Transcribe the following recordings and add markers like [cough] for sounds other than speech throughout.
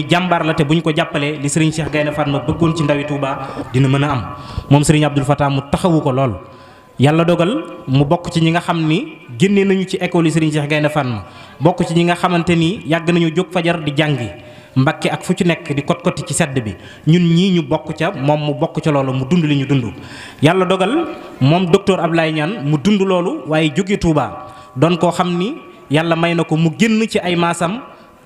ni jàmbaar la te bu ñu ko jàppalee li sëriñ Cheikh Gaynde Fatma bëggoon ci ndawi Touba dina mën a am moom sëriñ Abdoul Fatah mu taxawu ko lool. yàlla dogal mu bokk ci ñi nga xam ni génnee nañu ci école yi sëriñ Cheikh Gaynde Fatma bokk ci ñi nga xamante ni yàgg nañu jóg fajar di jàngi. mbakke ak fu ci nekk di kot koti ci sedd bi ñun ñi ñu bokk ca moom mu bokk ca loolu mu dund li ñu dund yàlla dogal moom docteur Ablaye Niane mu dund loolu waaye jóge Touba doon koo xam ni yàlla may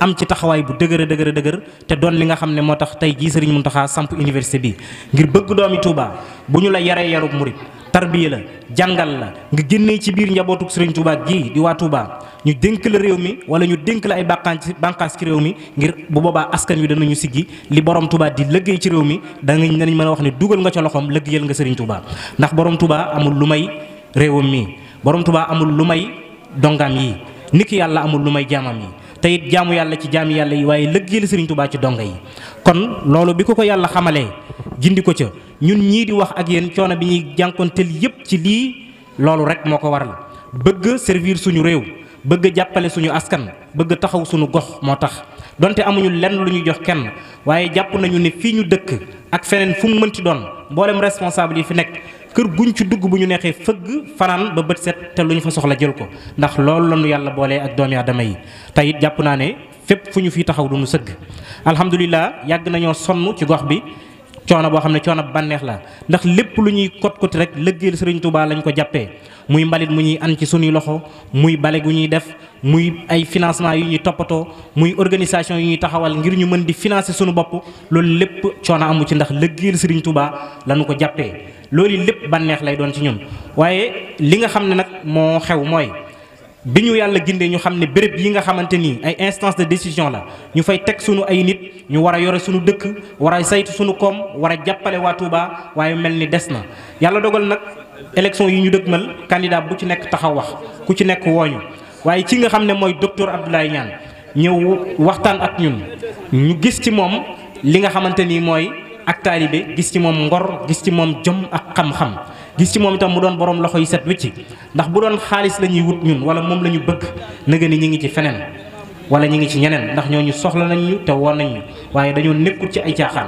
am ci taxawaay bu dëgër dëgër dëgër te doon li nga xam ne moo tax tey jii Serigne Mountakha samp université bi ngir bëgg doomi Touba bu ñu la yaree yarub murit tarbiya la jàngal la nga génnee ci biir njabootuk sëriñ Touba gii di waa Touba ñu dénk la réew mi wala ñu dénk la ay bànqaan ci bànqaas ci réew mi ngir bu booba askan wi danañu siggi li borom Touba di lëggéey ci réew mi danga nga danañ mën a wax ne dugal nga ca loxoom lëggéeyal nga Serigne Touba ndax boroom Touba amul lu may réewam mi borom Touba amul lu may dongaam yi niki yàlla amul lu may jaamam yi te it jaamu yàlla ci jaami yàlla yi waaye lëggéeyal sëriñ tubaa ci donga yi kon loolu bi ko ko yàlla xamalee jindi ko ca ñun ñii di wax ak yéen coono bi ñuy jànkonteel yépp ci lii loolu rek moo ko waral bëgg servir suñu réew bëgg jàppale suñu askan bëgg taxaw suñu gox moo tax donte amuñu lenn lu ñu jox kenn waaye jàpp nañu ne fii ñu dëkk ak feneen fu mu mënti doon mboolem responsable yi fi nekk kër guñ ci dugg bu ñu neexee fëgg fanaan ba bët set te lu ñu fa soxla jël ko ndax loolu la ñu yàlla boolee ak doomi aadama yi te jàpp naa ne fépp fu ñu fi taxaw du ñu sëgg alhamdulilah yàgg nañoo sonn ci gox bi coono boo xam ne coono bànneex la ndax lépp lu ñuy kot koti rek lëggeel sëriñ Touba lañu ko jàppee muy mbalit mu ñuy an ci sunuy loxo muy bale gu ñuy def muy ay financement yu ñuy toppatoo muy organisation yu ñuy taxawal ngir ñu mën di financer sunu bopp loolu lépp coono amu ci ndax lëggeel sëriñ tubaa lañu ko jàppee loolu lépp bànneex lay doon ci ñun waaye li nga xam ne nag moo xew mooy bi ñu yàlla gindee ñu xam ne béréb yi nga xamante ni ay instance de décision la ñu fay teg sunu ay nit ñu war a yore sunu dëkk war a saytu sunu koom war a jàppale waa Touba waaye mel ni des na yàlla dogal nag élection yi ñu dëgmal candidat bu ci nekk taxaw wax ku ci nekk wooñu waaye ci nga xam ne mooy docteur Abdoulaye ñaan ñëw waxtaan ak ñun ñu gis ci moom li nga xamante ni mooy ak taalibe gis ci moom ngor gis ci moom jom ak xam-xam gis ci moom itam mu doon borom loxo yu set wicc ndax bu doon xaalis la wut ñun wala moom la ñu bëgg nëgë ni ñi ngi ci feneen wala ñi ngi ci ñeneen ndax ñoo ñu soxla nañ ñu te woon nañ ñu waaye dañoo nekkul ci ay caaxaan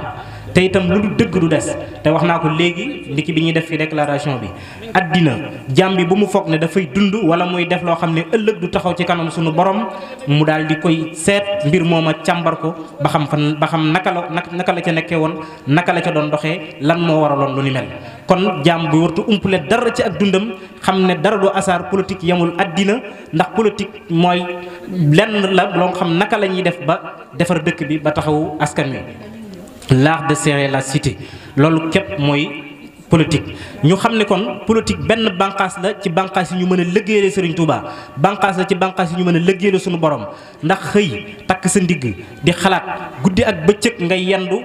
te itam lu du dëgg du des te wax naa ko léegi ndiki bi ñuy def fi déclaration bi addina jàmm bi bu mu foog ne dafay dund wala muy def loo xam ne ëllëg du taxaw ci kanam suñu borom mu daal di koy seet mbir mooma càmbar ko ba xam fan ba xam naka la naka la ca nekkee woon naka la ca doon doxee lan moo waraloon lu ni mel kon jàmm bi wartu umpale dara ci ak dundam xam ne dara du asaar politique yamul addina ndax politique mooy lenn la loo xam naka la ñuy def ba defar dëkk bi ba taxawu askan wi l'art de serrer la cité loolu képp mooy politique ñu xam ne kon politique benn bànqaas la ci bànqaas yi ñu mën a liggéeyale Serigne Touba bànqaas la ci bànqaas yi ñu mën a liggéeyale suñu borom ndax xëy takk sa ndigg di xalaat guddi ak bëccëg ngay yendu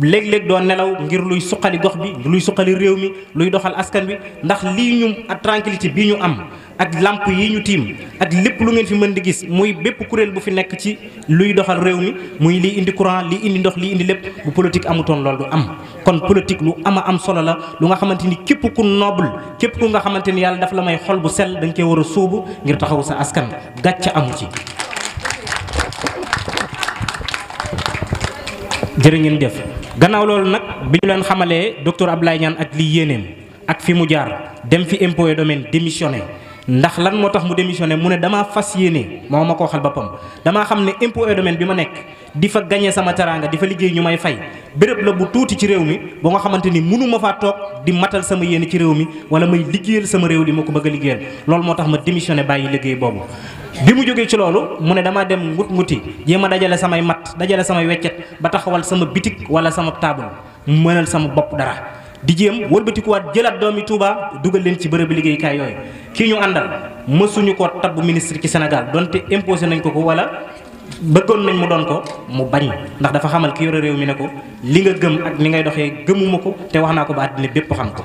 léeg-léeg doo nelaw ngir luy suqali gox bi luy suqali réew mi luy doxal askan bi ndax lii ñu tranquillité bii ñu am ak làmp yii ñu tiim ak lépp lu ngeen fi mën di gis muy bépp kuréel bu fi nekk ci luy doxal réew mi muy lii indi courant lii indi ndox lii indi lépp bu politique amutoon loolu du am kon politique lu ama am solo la lu nga xamante ni képp ku noble képp ku nga xamante ni yàlla daf la may xol bu sel da nga koy war a sóobu ngir taxawu sa askan gàcce amu ci jërë ngeen jëf gannaaw loolu nag bi ñu leen xamalee docteur Abdoulaye Niane ak lii yéeneem ak fi mu jaar dem fi impôt domaine démissionné ndax lan moo tax mu démissionné mu ne dama fas yéene moo ma ko ba boppam damaa xam ne impôt domaine bi ma nekk di fa gañe sama teraanga di fa liggéey ñu may fay béréb la bu tuuti ci réew mi ba nga xamante ni mënuma ma faa toog di matal sama yéene ci réew mi wala may liggéeyal sama réew li ma ko bëgg a liggéeyal loolu moo tax ma démissionné bàyyi liggéey boobu bi mu jógee ci loolu mu ne damaa dem ngut nguti jéema a dajale samay mat dajale samay weccet ba taxawal sama bitik wala sama taabal mënal sama bopp dara di jéem wëlbatikuwaat jëlaat doomi Touba dugal leen ci bërëb liggéeykaay yooyu kii ñu àndal mësuñu ko tabb ministre ci Sénégal donte imposé nañ ko ko wala bëggoon nañ mu doon ko mu bañ ndax dafa xamal ki yore réew mi ne ko li nga gëm ak li ngay doxee gëmuma ko te wax naa ko ba àddina bépp xam ko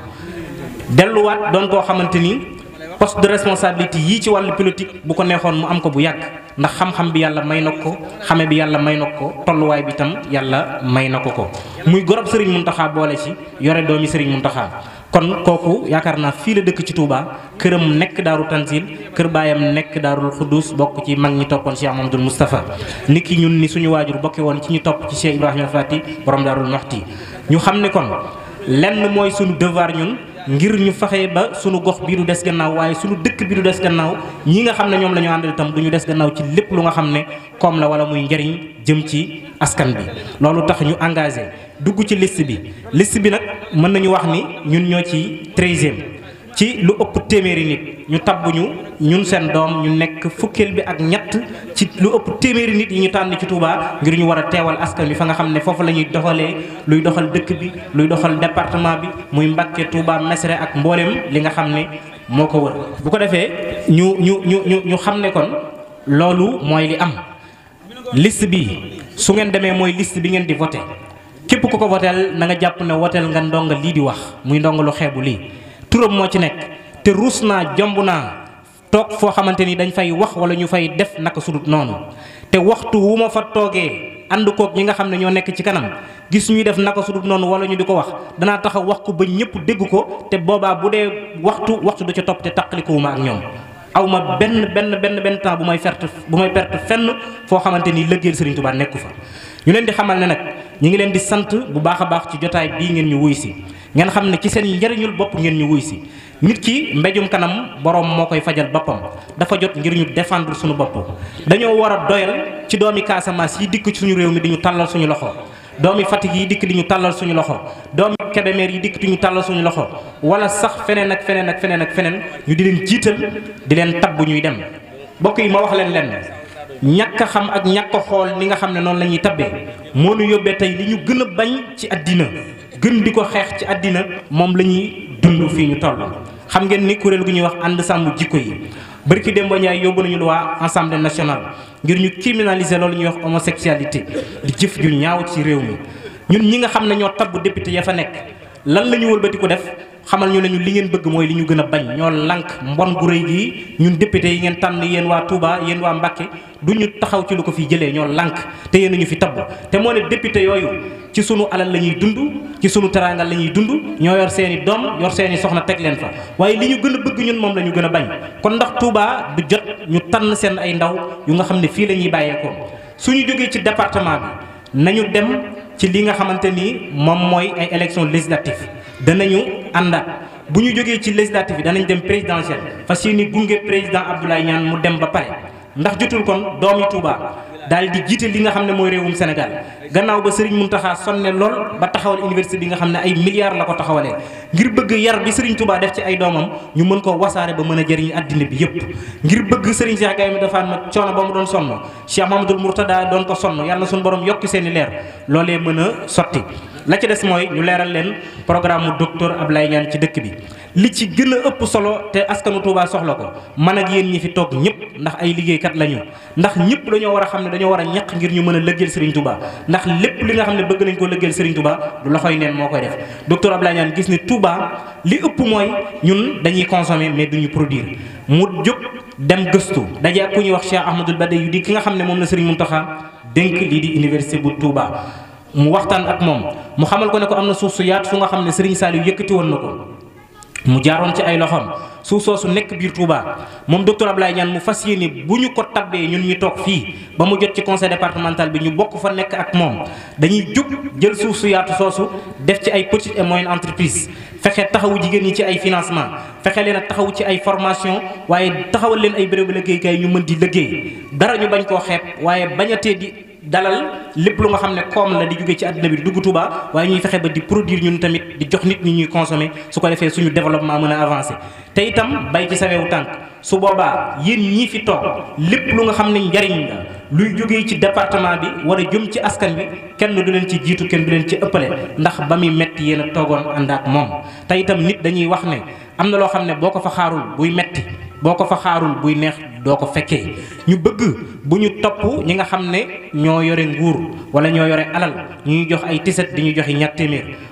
poste de responsabilité yi ci wàllu politique bu ko neexoon mu am ko bu yàgg ndax xam-xam bi yàlla may na ko xame bi yàlla may na ko tolluwaay bi tam yàlla may na ko ko muy gorob Serigne Mountakha boole si yore doomi Serigne Mountakha kon kooku yaakaar naa fii la dëkk ci Touba këram nekk daaru Tanzil kër baayam nekk daarul Xuddus bokk ci mag ñi toppoon Cheikh Mamadou Moustapha ni ki ñun ni suñu waajur bokke woon ci ñu topp ci Cheikh Ibrahima Fati borom daarul Moxti ñu xam ne kon lenn ngir ñu fexe ba sunu gox bii du des gannaaw waaye sunu dëkk bi du des gannaaw ñi nga xam ne ñoom la ñu àndal itam du ñu des gannaaw ci lépp lu nga xam ne koom la wala muy njariñ jëm ci askan bi loolu tax ñu engage dugg ci list bi liste bi nag mën nañu wax ni ñun ñoo ci treizième ci lu ëpp téeméeri nit ñu tabb ñu ñun seen doom ñu nekk fukkeel bi ak ñett ci lu ëpp téeméeri nit yi ñu tànn ci Touba ngir ñu war a teewal askan wi fa nga xam ne foofu la ñuy doxalee luy doxal dëkk bi luy doxal département bi muy Mbàkke Touba Mesere ak mbooleem li nga xam ne moo ko wër. bu ko defee ñu ñu ñu ñu xam ne kon loolu mooy li am liste bi su ngeen demee mooy list bi ngeen di voté képp ku ko votel na nga jàpp ne votel nga ndonga lii di wax muy ndonga lu xeebu lii. turam moo ci nekk te ruus naa jomb naa toog foo xamante ni dañ fay wax wala ñu fay def naka sudut noonu te waxtu wu ma fa toogee. ànd koog ñi nga xam ne ñoo nekk ci kanam gis ñuy def naka sudub noonu wala ñu di ko wax danaa taxaw wax ko ba ñëpp dégg ko te boobaa bu dee waxtu waxtu da ca topp te taqalikuwuma ak ñoom aw ma benn benn benn benn temps bu may ferte bu may perte fenn foo xamante ni lëggeel Serigne Touba nekku fa ñu leen di xamal ne nag ñu ngi leen di sant bu baax a baax ci jotaay bii ngeen ñu wuy si ngeen xam ne ci seen njëriñul bopp ngeen ñu wuy si nit ki mbéjum kanam borom moo koy fajal boppam dafa jot ngir ñu défendre suñu bopp dañoo war a doyal ci doomi Casamance yi dikk suñu réew mi di ñu tàllal suñu loxo doomi Fatick yi dikk di ñu tàllal suñu loxo doomi Kébémer yi dikk di ñu tàllal suñu loxo wala sax feneen ak feneen ak feneen ak feneen ñu di leen jiital di leen tabbu ñuy dem mbokk yi ma wax leen lenn ñàkk xam ak ñàkk xool ni nga xam ne noonu la ñuy tabbee moo nu yóbbee tey li ñu gën a bañ ci àddina gën di ko xeex ci àddina moom la ñuy dund fii ñu toll xam ngeen ni kuréel gu ñuy wax ànd sàmm jikko yi bërki Demba Ndiaye yóbbu nañu loi assemblée nationale ngir ñu criminaliser loolu ñuy wax homosexualité di jëf ju ñaaw ci réew mi ñun ñi nga xam ne ñoo tabb député ya fa nekk lan la ñu wëlbati ko def xamal ñu ne li ngeen bëgg mooy li ñu gën a bañ ñoo lànk mbon gu rëy gii ñun député yi ngeen tànn yéen waa Touba yéen waa Mbacke du ñu taxaw ci lu ko fi jëlee ñoo lànk te yéen ñu fi tabb te moo ne député yooyu ci sunu alal la ñuy dund ci sunu teraangal la ñuy dund ñoo yor seen doom yor seeni soxna teg leen fa waaye li ñu gën a bëgg ñun moom lañu gën a bañ kon ndax Touba du jot ñu tànn seen ay ndaw yu nga xam ne fii la ñuy bàyyeekoo suñu jógee ci département bi nañu dem ci li nga xamante ni moom mooy ay élection législative dana danañu àndaat bu ñu jógee ci législative yi danañ dem présidentielle fas yéene gunge président Abdoulaye Niane mu dem ba pare ndax jotul kon doom Touba daal di jiite li nga xam ne mooy réewum Sénégal gannaaw ba Serigne Mountakha sonne lool ba taxawal université bi nga xam ne ay milliards la ko taxawalee ngir bëgg yar bi Serigne Touba def ci ay doomam ñu mën koo wasaare ba mën a jëriñ àddina bi yépp ngir bëgg Serigne Cheikh Gaye mi dafa nag coono ba mu doon sonn Cheikh Mamadou doon ko sonn yàlla na suñu borom yokk seen i leer loolee mën a sotti la ci des mooy ñu leeral leen programme mu docteur Ablaye Niane ci dëkk bi li ci gën ëpp solo te askanu Touba soxla ko man ak yéen ñi fi toog ñëpp ndax ay liggéeykat lañu ndax ñëpp dañoo war a xam ne dañoo war a ñaq ngir ñu mën a lëggeel Serigne Touba ndax lépp li nga xam ne bëgg nañ ko lëggeel Serigne Touba du loxoy neen moo koy def docteur Ablaye ñaan gis ni Touba li ëpp mooy ñun dañuy consommer mais duñu produire mu jóg dem gëstu daje ak ku ñuy wax Cheikh Ahmadul Badawi yu di ki nga xam ne moom la Serigne Mountakha dénk lii di université bu Touba mu waxtaan ak moom mu xamal ko ne ko am na suuf su yaatu su nga xam ne Serigne Saliou yëkkati woon na ko mu jaaroon ci ay loxoom suuf soosu nekk biir Touba moom docteur Ablaye Niane mu fas yéene bu ñu ko tabbee nu ñu toog fii ba mu jot ci conseil départemental bi ñu bokk fa nekk ak moom dañuy jóg jël suuf su yaatu soosu def ci ay petites et moyennes entreprises fexe taxawu jigéen ñi ci ay financement fexe leen a taxawu ci ay formation waaye taxawal leen ay bérébu liggéeykaay ñu mën di liggéey dara bañ koo xeeb dalal lépp lu nga xam ne koom la di jóge ci àdduna bi di dugg Touba waaye ñuy fexe ba di produit ñun tamit di jox nit ñi ñuy consommer su ko defee suñu développement mën a avancer te itam bay ci sawewu tànk su boobaa yéen ñii fi toog lépp lu nga xam ne njariñ la luy jógee ci département bi war a jëm ci askan bi kenn du leen ci jiitu kenn du leen ci ëppale ndax ba muy metti yéen a toogoon ànd ak moom tey itam nit dañuy wax ne am na loo xam ne boo ko fa xaarul buy metti boo ko fa xaarul buy neex doo ko fekkee ñu bëgg bu ñu topp ñi nga xam ne ñoo yore nguur wala ñoo yore alal ñu ñuy jox ay tiset di ñu joxe ñatt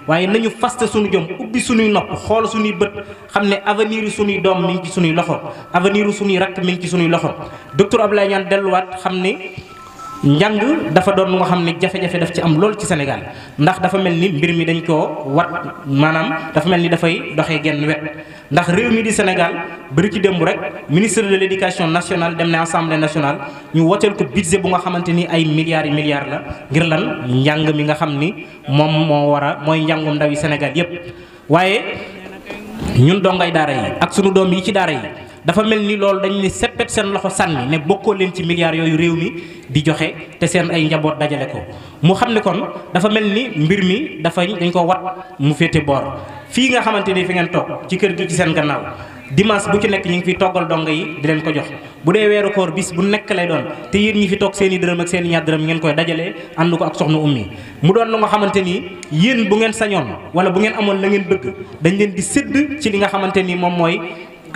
waaye nañu faste suñu jom ubbi suñuy nopp xool suñuy bët xam ne avenir yi suñuy doom mi ci suñuy loxo avenir yi suñuy rakk mi ci suñuy loxo docteur Abdoulaye Niane delluwaat xam ne njàng dafa doon lu nga xam ne jafe-jafe daf ci am lool ci Sénégal ndax dafa mel ni mbir mi dañ koo wat maanaam dafa mel ni dafay doxe genn wet ndax réew mi di Sénégal bëri ci démb rek ministre de l'éducation nationale dem na assemblée nationale ñu woteel ko budget bu nga xamante ni ay milliards yi milliards la ngir lan njàng mi nga xam ni moom moo war a mooy njàngum ndaw yi Sénégal yépp waaye ñun dongay daara yi ak sunu doom yi ci daara yi dafa mel ni loolu dañu ni seppet seen loxo sànni ne bokkoo leen ci milliards yooyu réew mi di joxe te seen ay njaboot dajale ko mu xam ne kon dafa mel ni mbir mi dafa dañ ko wat mu féete boor fii nga xamante ni fi ngeen toog ci kër gi ci seen gannaaw dimanche bu ci nekk ñu ngi fiy toggal dongo yi di leen ko jox bu dee weeru koor bis bu nekk lay doon te yéen ñi fi toog seeni dërëm ak seen i ñaar ngeen koy dajale ànd ko ak soxna mi mu doon lu nga xamante ni yéen bu ngeen sañoon wala bu ngeen amoon la ngeen bëgg dañ leen di sédd ci li nga xamante ni moom mooy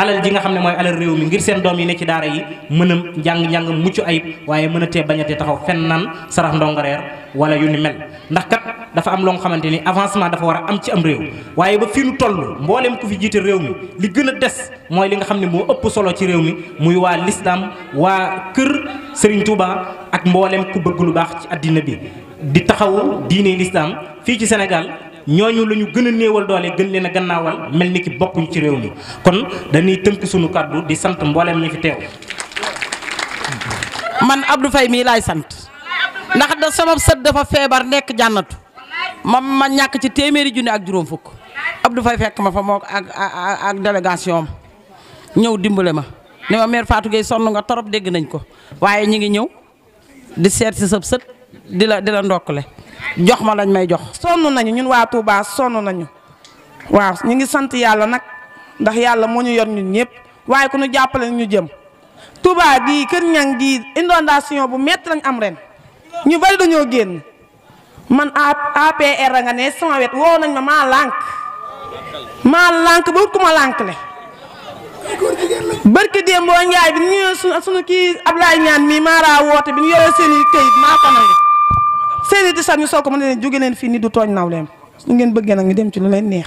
alal ji nga xam ne mooy alal réew mi ngir seen doom yi ne ci daara yi mën a njàng njàng mucc ayib waaye mën a tee bañ a tee taxaw fenn naan sarax ndongoreer wala yu ni mel ndax kat dafa am loo xamante ni avancement dafa war a am ci am réew waaye ba fi mu toll mbooleem ku fi jiite réew mi li gën a des mooy li nga xam ne moo ëpp solo ci réew mi muy waa lislaam waa kër Serigne Touba ak mbooleem ku bëgg lu baax ci àddina bi di taxawu diine lislaam fii ci Sénégal ñooñu la ñu gën a néewal doole gën leen a gannaawal mel ni ki bokkuñu ci réew mi kon dañuy tënk suñu kàddu di sant mbooleem ñi fi teew. man Abdou Faye mii laay sant ndax da sama sët dafa feebar nekk jànnatu ma ma ñàkk ci téeméeri junni ak juróom fukk Abdou fay fekk ma fa moo ak ak délégation am ñëw dimbale ma ne ma mère Fatou Gueye sonn nga torop dégg nañ ko waaye ñi ngi ñëw di seet si sab sët. di la di la ndokkale jox ma lañ may jox. sonn nañu ñun waa Touba sonn nañu waa ñu ngi sant yàlla nag ndax yàlla moo ñu yor ñun ñëpp waaye ku ñu jàppale ñu jëm Touba gii Kër Ñang gii inondation bu métti lañ am ren ñu bari dañoo génn man APR a nga ne sama wet woo nañ ma maa lànk maa lànk ba ku ma lànkle barki démboo Njaay bi ñu suñu kii Ablaye ñaan mii maaraa woote bi ñu yoree seen këyit maa ko nangu seen i ñu soo ko mën leen jóge leen fii ni du tooñ nawleem ñu ngeen bëggee nag ñu dem ci lu leen neex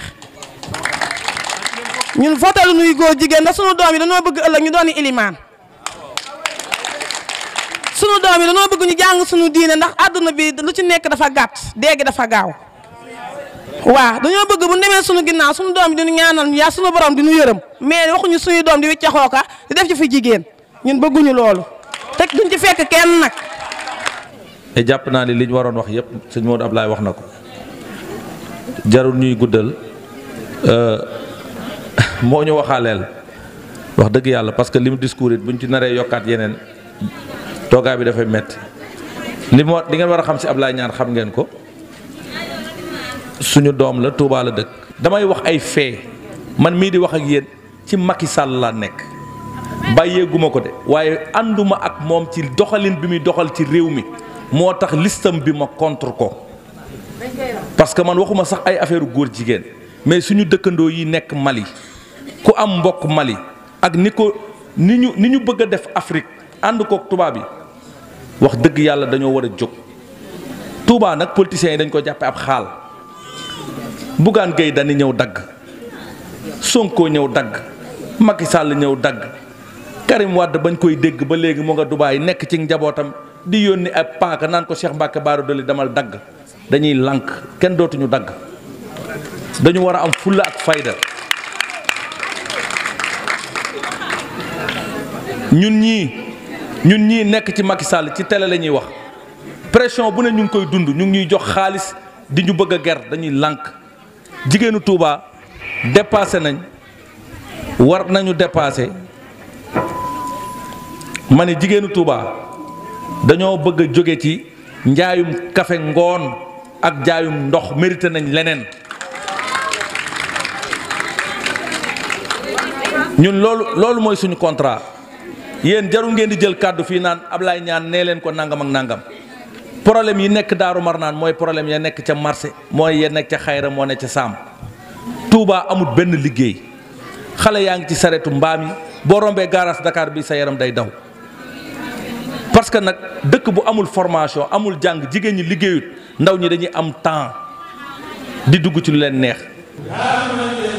ñun fotalu nuy góor jigéen ndax sunu doom yi dañoo bëgg ëllëg ñu doon ilimaan sunu doom yi dañoo bëgg ñu jàng suñu diine ndax àdduna bi lu ci nekk dafa gàtt dee dafa gaaw waaw dañoo bëgg bu demee suñu ginnaaw suñu doom di ñu ñaanal yaa suñu borom di ñu yërëm mais waxuñu suñu doom di ca xooka di def ci fi jigéen ñun bëgguñu loolu te duñ ci fekk kenn nag. te jàpp naa ni li ñu waroon wax yëpp sëñ ab Ablaye wax na ko jarul ñuy guddal euh, [laughs] moo ñu waxaaleel wax dëgg yàlla parce que li mu discours it buñ ci naree yokkaat yeneen toogaay bi dafay metti li moo li ngeen war a xam si Ablaye ñaan xam ngeen ko. suñu doom la Touba la dëkk damay wax ay fee man mii di wax ak yéen ci Macky Sall laa nekk bàyyeeguma ko de waaye ànduma ak moom ci doxalin bi muy doxal ci réew mi moo tax listam bi ma contre ko parce que man waxuma sax ay affaire góor jigéen mais suñu dëkkandoo yi nekk Mali ku am mbokk Mali ak ni ko ni ñu ni ñu bëgg a def Afrique ànd kook tubaab yi wax dëgg yàlla dañoo war a jóg Touba nag politiciens yi dañ ko jàppe ab xaal Bougane Gueye Dany ñëw dagg Sonko ñëw dagg Macky sàll ñëw dagg Karim Wade bañ koy dégg ba léegi mu nga Dubaay nekk ci njabootam di yónni ab paaka naan ko Cheikh Mbacke Baara Doli demal dagg dañuy lànk kenn dootuñu dagg dañu war a am fulla ak fayda ñun ñii ñun ñii nekk ci Macky sàll ci télé lañuy wax pression bu ne ñu ngi koy dund ñu ngi ñuy jox xaalis di ñu bëgg a ger dañuy lànk jigéenu Touba dépassé nañ war nañu dépassé ma ne jigéenu Touba dañoo bëgg a jóge ci njaayum kafe ngoon ak njaayum ndox mérité nañ leneen ñun loolu loolu mooy suñu contrat yéen jaru ngeen di jël kàddu fii naan Ablaye ñaan nee leen ko nangam ak nangam. problème yi nekk Daaru Marnaan mooy problème ya nekk ca marché mooy ya nekk ca xayra moo ne ca saam Touba amul benn liggéey xale yaa ngi ci saretu mbaam yi boo rombee garage Dakar bi sa yaram day daw parce que nag dëkk bu amul formation amul jàng jigéen ñi liggéeyut ndaw ñi dañuy am temps di dugg ci lu leen neex